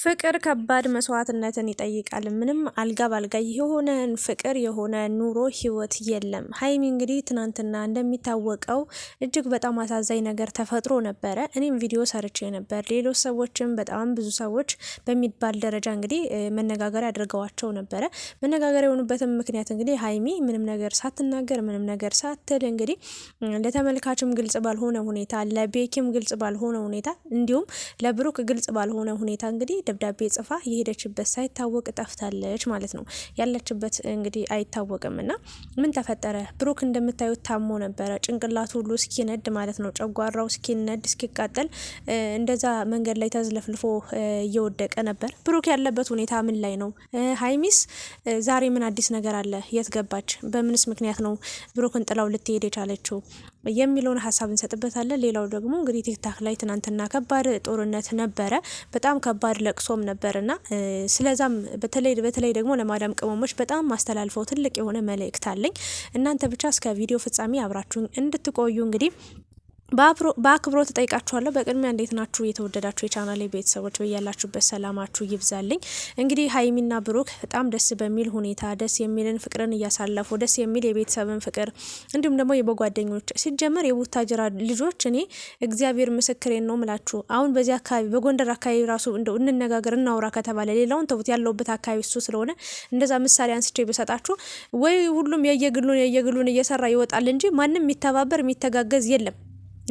ፍቅር ከባድ መስዋዕትነትን ይጠይቃል። ምንም አልጋ ባልጋ የሆነን ፍቅር የሆነ ኑሮ ህይወት የለም። ሀይሚ እንግዲህ ትናንትና እንደሚታወቀው እጅግ በጣም አሳዛኝ ነገር ተፈጥሮ ነበረ። እኔም ቪዲዮ ሰርቼ ነበር። ሌሎች ሰዎችም በጣም ብዙ ሰዎች በሚባል ደረጃ እንግዲህ መነጋገሪያ አድርገዋቸው ነበረ። መነጋገሪያ የሆኑበትም ምክንያት እንግዲህ ሀይሚ ምንም ነገር ሳትናገር ምንም ነገር ሳትል እንግዲህ ለተመልካችም ግልጽ ባልሆነ ሁኔታ፣ ለቤኪም ግልጽ ባልሆነ ሁኔታ እንዲሁም ለብሩክ ግልጽ ባልሆነ ሁኔታ እንግዲህ ደብዳቤ ጽፋ የሄደችበት ሳይታወቅ ጠፍታለች ማለት ነው። ያለችበት እንግዲህ አይታወቅም። እና ምን ተፈጠረ? ብሩክ እንደምታዩት ታሞ ነበረ። ጭንቅላቱ ሁሉ እስኪነድ ማለት ነው፣ ጨጓራው እስኪነድ እስኪቃጠል፣ እንደዛ መንገድ ላይ ተዝለፍልፎ እየወደቀ ነበር። ብሩክ ያለበት ሁኔታ ምን ላይ ነው? ሀይሚስ ዛሬ ምን አዲስ ነገር አለ? የት ገባች? በምንስ ምክንያት ነው ብሩክን ጥላው ልትሄድ የቻለችው? የሚለውን ሀሳብ እንሰጥበታለን። ሌላው ደግሞ እንግዲህ ቲክታክ ላይ ትናንትና ከባድ ጦርነት ነበረ፣ በጣም ከባድ ለቅሶም ነበርና ስለዛም በተለይ በተለይ ደግሞ ለማዳም ቅመሞች በጣም ማስተላልፈው ትልቅ የሆነ መልእክት አለኝ። እናንተ ብቻ እስከ ቪዲዮ ፍጻሜ አብራችሁኝ እንድትቆዩ እንግዲህ በአክብሮት እጠይቃችኋለሁ። በቅድሚያ እንዴት ናችሁ የተወደዳችሁ የቻናሌ ቤተሰቦች? በያላችሁበት ሰላማችሁ ይብዛልኝ። እንግዲህ ሀይሚና ብሩክ በጣም ደስ በሚል ሁኔታ ደስ የሚልን ፍቅርን እያሳለፉ ደስ የሚል የቤተሰብን ፍቅር እንዲሁም ደግሞ የበጓደኞች ሲጀመር የቡታጅራ ልጆች እኔ እግዚአብሔር ምስክሬን ነው ምላችሁ። አሁን በዚህ አካባቢ በጎንደር አካባቢ ራሱ እንደው እንነጋገር እናውራ ከተባለ ሌላውን ተውት፣ ያለውበት አካባቢ እሱ ስለሆነ እንደዛ ምሳሌ አንስቼ ብሰጣችሁ ወይ ሁሉም የየግሉን የየግሉን እየሰራ ይወጣል እንጂ ማንም የሚተባበር የሚተጋገዝ የለም።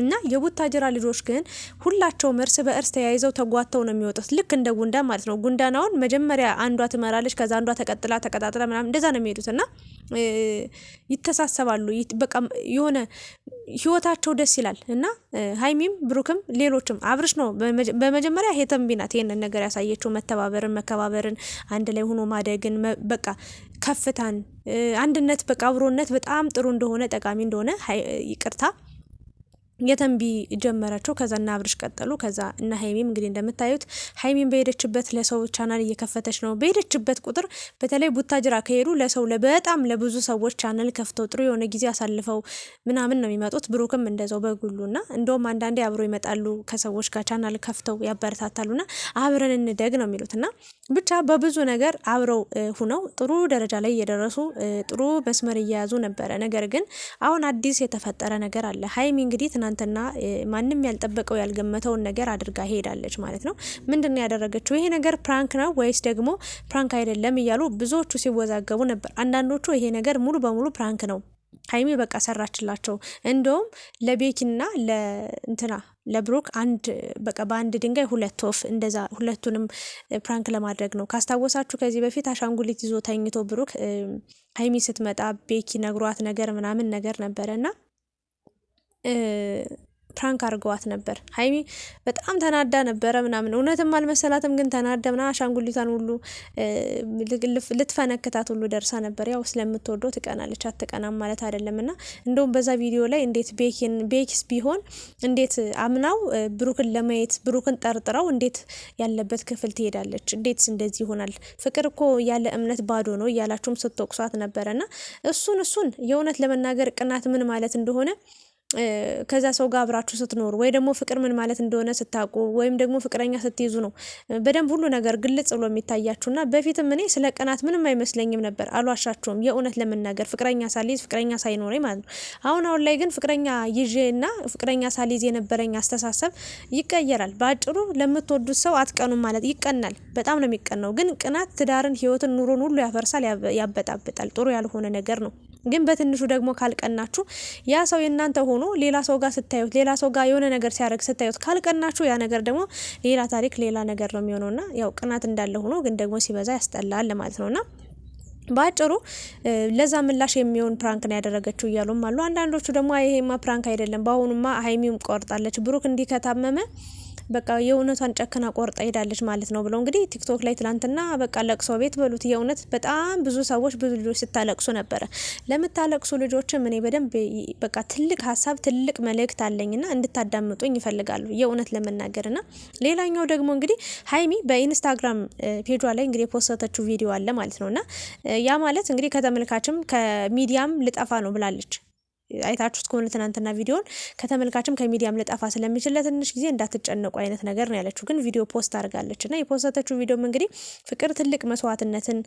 እና የቡታጀራ ልጆች ግን ሁላቸውም እርስ በእርስ ተያይዘው ተጓተው ነው የሚወጡት። ልክ እንደ ጉንዳ ማለት ነው። ጉንዳናውን መጀመሪያ አንዷ ትመራለች፣ ከዛ አንዷ ተቀጥላ ተቀጣጥላ ምናምን እንደዛ ነው የሚሄዱት እና ይተሳሰባሉ። በቃ የሆነ ህይወታቸው ደስ ይላል እና ሀይሚም ብሩክም ሌሎችም አብርሽ ነው በመጀመሪያ ሄተንቢ ናት ይህንን ነገር ያሳየችው መተባበርን፣ መከባበርን፣ አንድ ላይ ሆኖ ማደግን በቃ ከፍታን፣ አንድነት፣ በቃ አብሮነት በጣም ጥሩ እንደሆነ ጠቃሚ እንደሆነ ይቅርታ የተንቢ ጀመረችው ከዛ እና አብርሽ ቀጠሉ። ከዛ እና ሀይሚም እንግዲህ እንደምታዩት ሀይሚም በሄደችበት ለሰው ቻናል እየከፈተች ነው። በሄደችበት ቁጥር በተለይ ቡታጅራ ከሄዱ ለሰው በጣም ለብዙ ሰዎች ቻናል ከፍተው ጥሩ የሆነ ጊዜ አሳልፈው ምናምን ነው የሚመጡት። ብሩክም እንደዛው በጉሉ እና እንደውም አንዳንዴ አብሮ ይመጣሉ ከሰዎች ጋር ቻናል ከፍተው ና አብረን እንደግ ነው የሚሉት እና ብቻ በብዙ ነገር አብረው ሁነው ጥሩ ደረጃ ላይ እየደረሱ ጥሩ መስመር እየያዙ ነበረ። ነገር ግን አሁን አዲስ የተፈጠረ ነገር አለ። ሀይሚ እንግዲህ ትናንትና ማንም ያልጠበቀው ያልገመተውን ነገር አድርጋ ሄዳለች ማለት ነው። ምንድን ነው ያደረገችው? ይሄ ነገር ፕራንክ ነው ወይስ ደግሞ ፕራንክ አይደለም እያሉ ብዙዎቹ ሲወዛገቡ ነበር። አንዳንዶቹ ይሄ ነገር ሙሉ በሙሉ ፕራንክ ነው ሀይሚ በቃ ሰራችላቸው። እንደውም ለቤኪና ለእንትና ለብሩክ አንድ በቃ በአንድ ድንጋይ ሁለት ወፍ እንደዛ ሁለቱንም ፕራንክ ለማድረግ ነው። ካስታወሳችሁ ከዚህ በፊት አሻንጉሊት ይዞ ተኝቶ ብሩክ ሀይሚ ስትመጣ ቤኪ ነግሯት ነገር ምናምን ነገር ነበረ እና ፕራንክ አድርገዋት ነበር። ሀይሚ በጣም ተናዳ ነበረ ምናምን እውነትም አልመሰላትም፣ ግን ተናዳ ምና አሻንጉሊቷን ሁሉ ልትፈነክታት ሁሉ ደርሳ ነበር። ያው ስለምትወደው ትቀናለች፣ አትቀናም ማለት አይደለም። እና እንደውም በዛ ቪዲዮ ላይ እንዴት ቤኪስ ቢሆን እንዴት አምናው ብሩክን ለማየት ብሩክን ጠርጥረው እንዴት ያለበት ክፍል ትሄዳለች፣ እንዴት እንደዚህ ይሆናል፣ ፍቅር እኮ ያለ እምነት ባዶ ነው እያላችሁም ስትወቅሷት ነበረ እና እሱን እሱን የእውነት ለመናገር ቅናት ምን ማለት እንደሆነ ከዛ ሰው ጋር አብራችሁ ስትኖሩ ወይ ደግሞ ፍቅር ምን ማለት እንደሆነ ስታውቁ ወይም ደግሞ ፍቅረኛ ስትይዙ ነው በደንብ ሁሉ ነገር ግልጽ ብሎ የሚታያችሁና በፊትም እኔ ስለ ቀናት ምንም አይመስለኝም ነበር፣ አሏሻችሁም የእውነት ለመናገር ፍቅረኛ ሳልይዝ ፍቅረኛ ሳይኖረኝ ማለት ነው። አሁን አሁን ላይ ግን ፍቅረኛ ይዤና ፍቅረኛ ሳልይዝ የነበረኝ አስተሳሰብ ይቀየራል። በአጭሩ ለምትወዱት ሰው አትቀኑም ማለት ይቀናል። በጣም ነው የሚቀናው። ግን ቅናት ትዳርን፣ ህይወትን፣ ኑሮን ሁሉ ያፈርሳል፣ ያበጣብጣል። ጥሩ ያልሆነ ነገር ነው። ግን በትንሹ ደግሞ ካልቀናችሁ ያ ሰው የእናንተ ሆኖ ሌላ ሰው ጋር ስታዩት፣ ሌላ ሰው ጋር የሆነ ነገር ሲያደርግ ስታዩት ካልቀናችሁ ያ ነገር ደግሞ ሌላ ታሪክ፣ ሌላ ነገር ነው ና ያው ቅናት እንዳለ ሆኖ ግን ደግሞ ሲበዛ ያስጠላል ማለት ነውና በአጭሩ ለዛ ምላሽ የሚሆን ፕራንክ ነው ያደረገችው እያሉም አሉ። አንዳንዶቹ ደግሞ ይሄማ ፕራንክ አይደለም፣ በአሁኑማ ሀይሚም ቆርጣለች፣ ብሩክ እንዲህ ከታመመ በቃ የእውነቷን ጨክና ቆርጣ ሄዳለች ማለት ነው ብሎ እንግዲህ ቲክቶክ ላይ ትላንትና በቃ ለቅሶ ቤት በሉት የእውነት በጣም ብዙ ሰዎች ብዙ ልጆች ስታለቅሱ ነበረ። ለምታለቅሱ ልጆችም እኔ በደንብ በቃ ትልቅ ሀሳብ ትልቅ መልእክት አለኝና እንድታዳምጡኝ ይፈልጋሉ የእውነት ለመናገር ና ሌላኛው ደግሞ እንግዲህ ሀይሚ በኢንስታግራም ፔጇ ላይ እንግዲህ የፖስተተችው ቪዲዮ አለ ማለት ነው እና ያ ማለት እንግዲህ ከተመልካችም ከሚዲያም ልጠፋ ነው ብላለች አይታችሁት ከሆነ ትናንትና ቪዲዮን ከተመልካችም ከሚዲያም ልጠፋ ስለሚችል ለትንሽ ጊዜ እንዳትጨነቁ አይነት ነገር ነው ያለችው። ግን ቪዲዮ ፖስት አድርጋለች እና የፖስተተችው ቪዲዮም እንግዲህ ፍቅር ትልቅ መስዋዕትነትን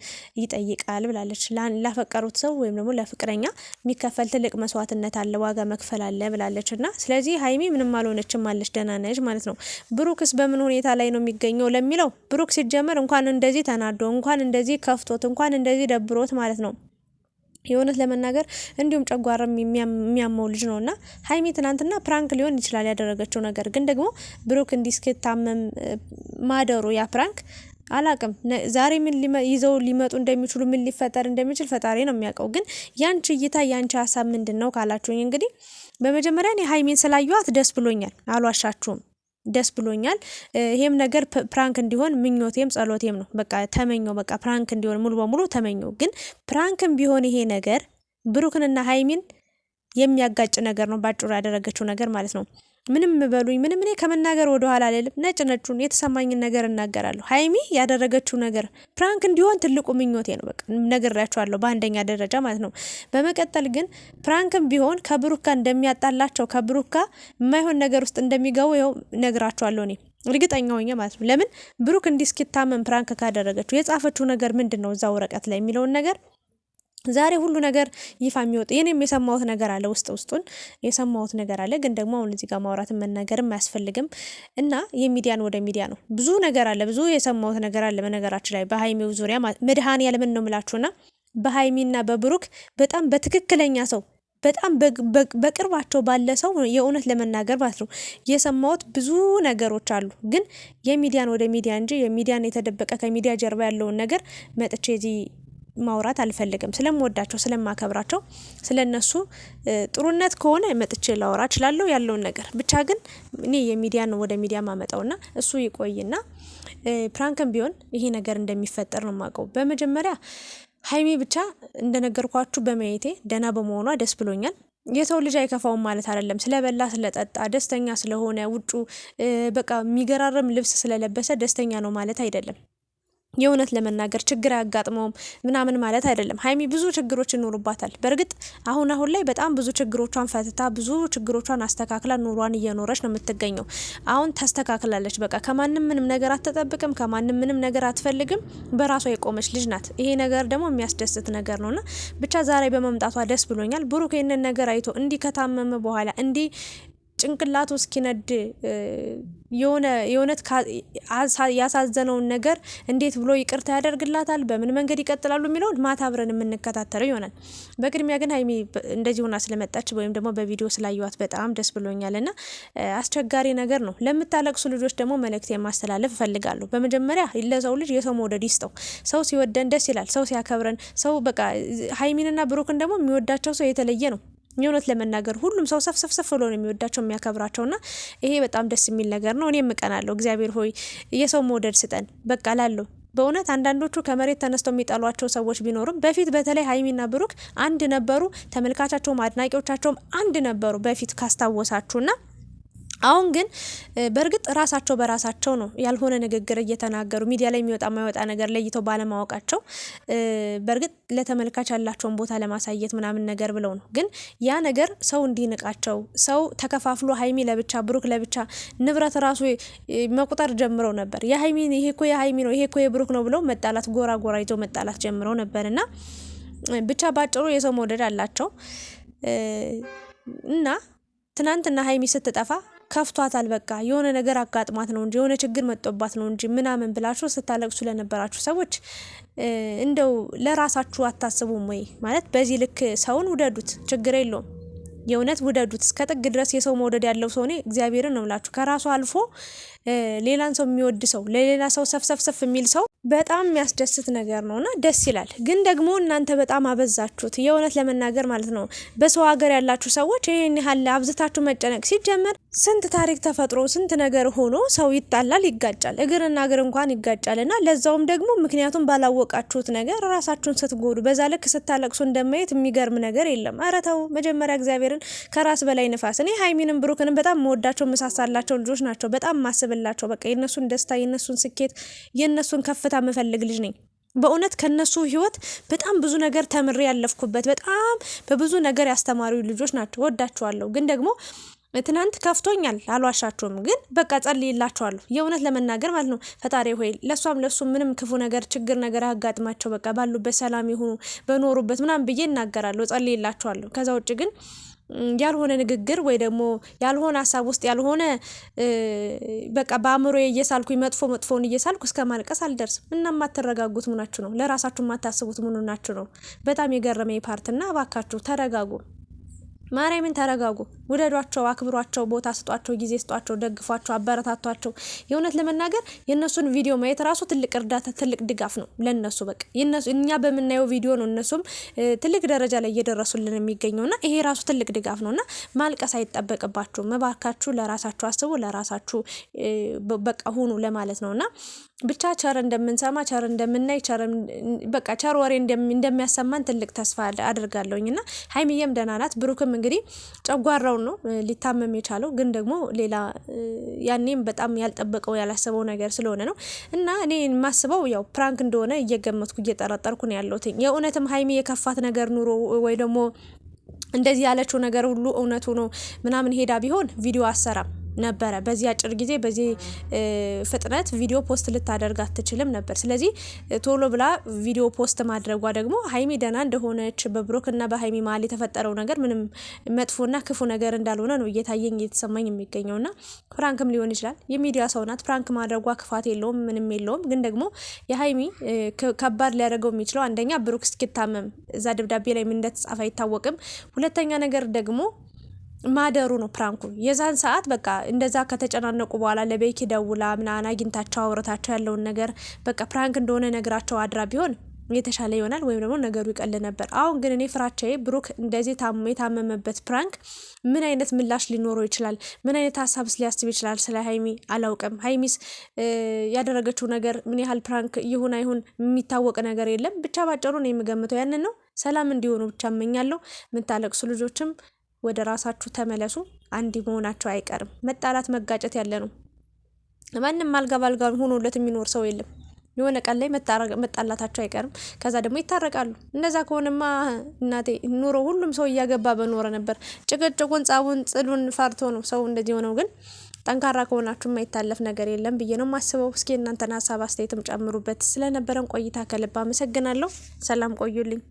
ይጠይቃል ብላለች። ላፈቀሩት ሰው ወይም ደግሞ ለፍቅረኛ የሚከፈል ትልቅ መስዋዕትነት አለ፣ ዋጋ መክፈል አለ ብላለች እና ስለዚህ ሀይሚ ምንም አልሆነችም አለች፣ ደህና ነች ማለት ነው። ብሩክስ በምን ሁኔታ ላይ ነው የሚገኘው ለሚለው ብሩክ ሲጀመር እንኳን እንደዚህ ተናዶ እንኳን እንደዚህ ከፍቶት እንኳን እንደዚህ ደብሮት ማለት ነው የእውነት ለመናገር እንዲሁም ጨጓራም የሚያመው ልጅ ነው እና ሀይሚ ትናንትና ፕራንክ ሊሆን ይችላል ያደረገችው ነገር ግን ደግሞ ብሩክ እንዲህ ማደሩ ያ ፕራንክ አላቅም ዛሬ ምን ይዘው ሊመጡ እንደሚችሉ ምን ሊፈጠር እንደሚችል ፈጣሪ ነው የሚያውቀው። ግን ያንቺ እይታ ያንቺ ሀሳብ ምንድን ነው ካላችሁኝ፣ እንግዲህ በመጀመሪያ እኔ ሀይሜን ስላየኋት ደስ ብሎኛል፣ አልዋሻችሁም። ደስ ብሎኛል። ይሄም ነገር ፕራንክ እንዲሆን ምኞቴም ጸሎቴም ነው። በቃ ተመኘው፣ በቃ ፕራንክ እንዲሆን ሙሉ በሙሉ ተመኘው። ግን ፕራንክም ቢሆን ይሄ ነገር ብሩክንና ሀይሚን የሚያጋጭ ነገር ነው ባጭሩ ያደረገችው ነገር ማለት ነው። ምንም በሉኝ ምንም እኔ ከመናገር ወደ ኋላ አልልም። ነጭ ነጩን የተሰማኝን ነገር እናገራለሁ። ሀይሚ ያደረገችው ነገር ፕራንክ እንዲሆን ትልቁ ምኞቴ ነው። በቃ ነግሬያቸዋለሁ፣ በአንደኛ ደረጃ ማለት ነው። በመቀጠል ግን ፕራንክም ቢሆን ከብሩካ እንደሚያጣላቸው ከብሩካ የማይሆን ነገር ውስጥ እንደሚገቡ ይኸው ነግራቸዋለሁ እኔ እርግጠኛ ሆኜ ማለት ነው። ለምን ብሩክ እንዲህ እስኪታመን ፕራንክ ካደረገችው የጻፈችው ነገር ምንድን ነው እዛ ወረቀት ላይ የሚለውን ነገር ዛሬ ሁሉ ነገር ይፋ የሚወጥ ይህንም የሰማሁት ነገር አለ፣ ውስጥ ውስጡን የሰማሁት ነገር አለ። ግን ደግሞ አሁን እዚህ ጋር ማውራትን መናገርም አያስፈልግም እና የሚዲያን ወደ ሚዲያ ነው። ብዙ ነገር አለ፣ ብዙ የሰማሁት ነገር አለ። በነገራችን ላይ በሀይሚው ዙሪያ መድሃን ያለምን ነው ምላችሁና በሀይሚና በብሩክ በጣም በትክክለኛ ሰው በጣም በቅርባቸው ባለ ሰው የእውነት ለመናገር ማለት ነው የሰማሁት ብዙ ነገሮች አሉ። ግን የሚዲያን ወደ ሚዲያ እንጂ የሚዲያን የተደበቀ ከሚዲያ ጀርባ ያለውን ነገር መጥቼ እዚህ ማውራት አልፈልግም። ስለምወዳቸው፣ ስለማከብራቸው ስለ እነሱ ጥሩነት ከሆነ መጥቼ ላወራ እችላለሁ ያለውን ነገር ብቻ። ግን እኔ የሚዲያ ነው ወደ ሚዲያ ማመጣውና እሱ ይቆይና ፕራንክም ቢሆን ይሄ ነገር እንደሚፈጠር ነው የማውቀው። በመጀመሪያ ሀይሚ ብቻ እንደነገርኳችሁ በማየቴ ደህና በመሆኗ ደስ ብሎኛል። የሰው ልጅ አይከፋውም ማለት አይደለም። ስለበላ ስለጠጣ ደስተኛ ስለሆነ ውጩ በቃ የሚገራርም ልብስ ስለለበሰ ደስተኛ ነው ማለት አይደለም። የእውነት ለመናገር ችግር አያጋጥመውም ምናምን ማለት አይደለም። ሀይሚ ብዙ ችግሮች ይኖሩባታል። በእርግጥ አሁን አሁን ላይ በጣም ብዙ ችግሮቿን ፈትታ ብዙ ችግሮቿን አስተካክላ ኑሯን እየኖረች ነው የምትገኘው። አሁን ታስተካክላለች። በቃ ከማንም ምንም ነገር አትጠብቅም፣ ከማንም ምንም ነገር አትፈልግም። በራሷ የቆመች ልጅ ናት። ይሄ ነገር ደግሞ የሚያስደስት ነገር ነውና ብቻ ዛሬ በመምጣቷ ደስ ብሎኛል። ብሩክ ይህንን ነገር አይቶ እንዲህ ከታመመ በኋላ እንዲህ ጭንቅላቱ እስኪነድ የሆነ የእውነት ያሳዘነውን ነገር እንዴት ብሎ ይቅርታ ያደርግላታል፣ በምን መንገድ ይቀጥላሉ የሚለውን ማታ አብረን የምንከታተለው ይሆናል። በቅድሚያ ግን ሀይሚ እንደዚህ ሆና ስለመጣች ወይም ደግሞ በቪዲዮ ስላየዋት በጣም ደስ ብሎኛል እና አስቸጋሪ ነገር ነው። ለምታለቅሱ ልጆች ደግሞ መልእክት የማስተላለፍ እፈልጋለሁ። በመጀመሪያ ለሰው ልጅ የሰው መውደድ ይስጠው። ሰው ሲወደን ደስ ይላል። ሰው ሲያከብረን ሰው በቃ ሀይሚንና ብሩክን ደግሞ የሚወዳቸው ሰው የተለየ ነው። የእውነት ለመናገር ሁሉም ሰው ሰፍሰፍሰፍ ብሎ ነው የሚወዳቸው የሚያከብራቸው፣ ይሄ በጣም ደስ የሚል ነገር ነው። እኔም እቀናለሁ። እግዚአብሔር ሆይ የሰው መውደድ ስጠን። በቃ ላለሁ በእውነት አንዳንዶቹ ከመሬት ተነስተው የሚጠሏቸው ሰዎች ቢኖሩም በፊት በተለይ ሀይሚና ብሩክ አንድ ነበሩ። ተመልካቻቸውም አድናቂዎቻቸውም አንድ ነበሩ በፊት ካስታወሳችሁና አሁን ግን በእርግጥ ራሳቸው በራሳቸው ነው ያልሆነ ንግግር እየተናገሩ ሚዲያ ላይ የሚወጣ የማይወጣ ነገር ለይተው ባለማወቃቸው በእርግጥ ለተመልካች ያላቸውን ቦታ ለማሳየት ምናምን ነገር ብለው ነው። ግን ያ ነገር ሰው እንዲንቃቸው ሰው ተከፋፍሎ ሀይሚ ለብቻ ብሩክ ለብቻ ንብረት ራሱ መቁጠር ጀምረው ነበር። የሀይሚ ይሄ እኮ የሀይሚ ነው ይሄ እኮ የብሩክ ነው ብለው መጣላት፣ ጎራ ጎራ ይዘው መጣላት ጀምረው ነበር እና ብቻ ባጭሩ የሰው መውደድ አላቸው እና ትናንትና ሀይሚ ስትጠፋ ከፍቷታል። በቃ የሆነ ነገር አጋጥሟት ነው እንጂ የሆነ ችግር መጦባት ነው እንጂ ምናምን ብላችሁ ስታለቅሱ ለነበራችሁ ሰዎች እንደው ለራሳችሁ አታስቡም ወይ? ማለት በዚህ ልክ ሰውን ውደዱት፣ ችግር የለውም የእውነት ውደዱት እስከ ጥግ ድረስ። የሰው መውደድ ያለው ሰው እኔ እግዚአብሔርን ነው ምላችሁ ከራሱ አልፎ ሌላን ሰው የሚወድ ሰው ለሌላ ሰው ሰፍሰፍሰፍ የሚል ሰው በጣም የሚያስደስት ነገር ነውና ደስ ይላል። ግን ደግሞ እናንተ በጣም አበዛችሁት፣ የእውነት ለመናገር ማለት ነው። በሰው ሀገር ያላችሁ ሰዎች ይህን ያህል አብዝታችሁ መጨነቅ ሲጀመር ስንት ታሪክ ተፈጥሮ ስንት ነገር ሆኖ ሰው ይጣላል፣ ይጋጫል። እግርና እግር እንኳን ይጋጫል እና ለዛውም ደግሞ ምክንያቱም ባላወቃችሁት ነገር ራሳችሁን ስትጎዱ በዛ ልክ ስታለቅሱ እንደማየት የሚገርም ነገር የለም። ኧረ ተው መጀመሪያ እግዚአብሔርን ከራስ በላይ ንፋስ። እኔ ሀይሚንም ብሩክንም በጣም መወዳቸው መሳሳላቸው ልጆች ናቸው። በጣም ማስብላቸው በቃ የነሱን ደስታ የነሱን ስኬት የነሱን ከፍታ ምፈልግ ልጅ ነኝ። በእውነት ከነሱ ህይወት በጣም ብዙ ነገር ተምሬ ያለፍኩበት በጣም በብዙ ነገር ያስተማሩ ልጆች ናቸው። ወዳችኋለሁ ግን ደግሞ ትናንት ከፍቶኛል አልዋሻችሁም፣ ግን በቃ ጸልይላችኋለሁ የእውነት ለመናገር ማለት ነው። ፈጣሪ ሆይ ለእሷም ለሱ ምንም ክፉ ነገር ችግር ነገር አያጋጥማቸው፣ በቃ ባሉበት ሰላም ይሁኑ በኖሩበት ምናምን ብዬ እናገራለሁ፣ ጸልይላችኋለሁ። ከዛ ውጭ ግን ያልሆነ ንግግር ወይ ደግሞ ያልሆነ ሀሳብ ውስጥ ያልሆነ በቃ በአእምሮ እየሳልኩኝ መጥፎ መጥፎውን እየሳልኩ እስከ ማልቀስ አልደርስም። እና የማትረጋጉት ምናችሁ ነው? ለራሳችሁ የማታስቡት ምኑናችሁ ነው? በጣም የገረመኝ ፓርትና እባካችሁ ተረጋጉ። ማርያምን ተረጋጉ፣ ውደዷቸው፣ አክብሯቸው፣ ቦታ ስጧቸው፣ ጊዜ ስጧቸው፣ ደግፏቸው፣ አበረታቷቸው። የእውነት ለመናገር የእነሱን ቪዲዮ ማየት ራሱ ትልቅ እርዳታ፣ ትልቅ ድጋፍ ነው ለእነሱ። በቃ እኛ በምናየው ቪዲዮ ነው እነሱም ትልቅ ደረጃ ላይ እየደረሱልን የሚገኘውና ይሄ ራሱ ትልቅ ድጋፍ ነውና ማልቀስ አይጠበቅባችሁም። እባካችሁ ለራሳችሁ አስቡ፣ ለራሳችሁ በቃ ሁኑ ለማለት ነውና ብቻ ቸር እንደምንሰማ ቸር እንደምናይ ቸር በቃ ቸር ወሬ እንደሚያሰማን ትልቅ ተስፋ አድርጋለሁኝ እና ሀይሚዬም ደህና ናት። ብሩክም እንግዲህ ጨጓራውን ነው ሊታመም የቻለው ግን ደግሞ ሌላ ያኔም በጣም ያልጠበቀው ያላሰበው ነገር ስለሆነ ነው እና እኔ የማስበው ያው ፕራንክ እንደሆነ እየገመትኩ እየጠረጠርኩ ነው ያለሁት። የእውነትም ሀይሚ የከፋት ነገር ኑሮ ወይ ደግሞ እንደዚህ ያለችው ነገር ሁሉ እውነቱ ነው ምናምን ሄዳ ቢሆን ቪዲዮ አሰራም ነበረ። በዚህ አጭር ጊዜ በዚህ ፍጥነት ቪዲዮ ፖስት ልታደርግ አትችልም ነበር። ስለዚህ ቶሎ ብላ ቪዲዮ ፖስት ማድረጓ ደግሞ ሀይሚ ደህና እንደሆነች እና በሀይሚ መሀል የተፈጠረው ነገር ምንም መጥፎና ክፉ ነገር እንዳልሆነ ነው እየታየኝ እየተሰማኝ የሚገኘውና ፍራንክም ሊሆን ይችላል። የሚዲያ ሰው ናት። ፕራንክ ማድረጓ ክፋት የለውም ምንም የለውም። ግን ደግሞ የሀይሚ ከባድ ሊያደርገው የሚችለው አንደኛ ብሩክ እስኪታመም እዛ ደብዳቤ ላይ ምን እንደተጻፈ አይታወቅም። ሁለተኛ ነገር ደግሞ ማደሩ ነው ፕራንኩ። የዛን ሰዓት በቃ እንደዛ ከተጨናነቁ በኋላ ለቤኪ ደውላ ምናምን አግኝታቸው አውረታቸው ያለውን ነገር በቃ ፕራንክ እንደሆነ ነግራቸው አድራ ቢሆን የተሻለ ይሆናል፣ ወይም ደግሞ ነገሩ ይቀል ነበር። አሁን ግን እኔ ፍራቻዬ ብሩክ እንደዚህ ታሞ የታመመበት ፕራንክ ምን አይነት ምላሽ ሊኖረው ይችላል? ምን አይነት ሀሳብስ ሊያስብ ይችላል? ስለ ሀይሚ አላውቅም። ሀይሚስ ያደረገችው ነገር ምን ያህል ፕራንክ ይሁን አይሁን የሚታወቅ ነገር የለም። ብቻ ባጭሩ ነው የምገምተው ያንን ነው። ሰላም እንዲሆኑ ብቻ እመኛለሁ። የምታለቅሱ ልጆችም ወደ ራሳችሁ ተመለሱ። አንድ መሆናቸው አይቀርም። መጣላት፣ መጋጨት ያለ ነው። ማንም አልጋ ባልጋ ሆኖለት የሚኖር ሰው የለም። የሆነ ቀን ላይ መጣላታቸው አይቀርም። ከዛ ደግሞ ይታረቃሉ። እንደዛ ከሆነማ እናቴ ኑሮ ሁሉም ሰው እያገባ በኖረ ነበር። ጭቅጭቁን፣ ጻቡን፣ ጥሉን ፈርቶ ነው ሰው እንደዚህ የሆነው። ግን ጠንካራ ከሆናችሁ የማይታለፍ ነገር የለም ብዬ ነው ማስበው እስኪ እናንተን ሀሳብ አስተያየትም ጨምሩበት። ስለነበረን ቆይታ ከልብ አመሰግናለሁ። ሰላም ቆዩልኝ።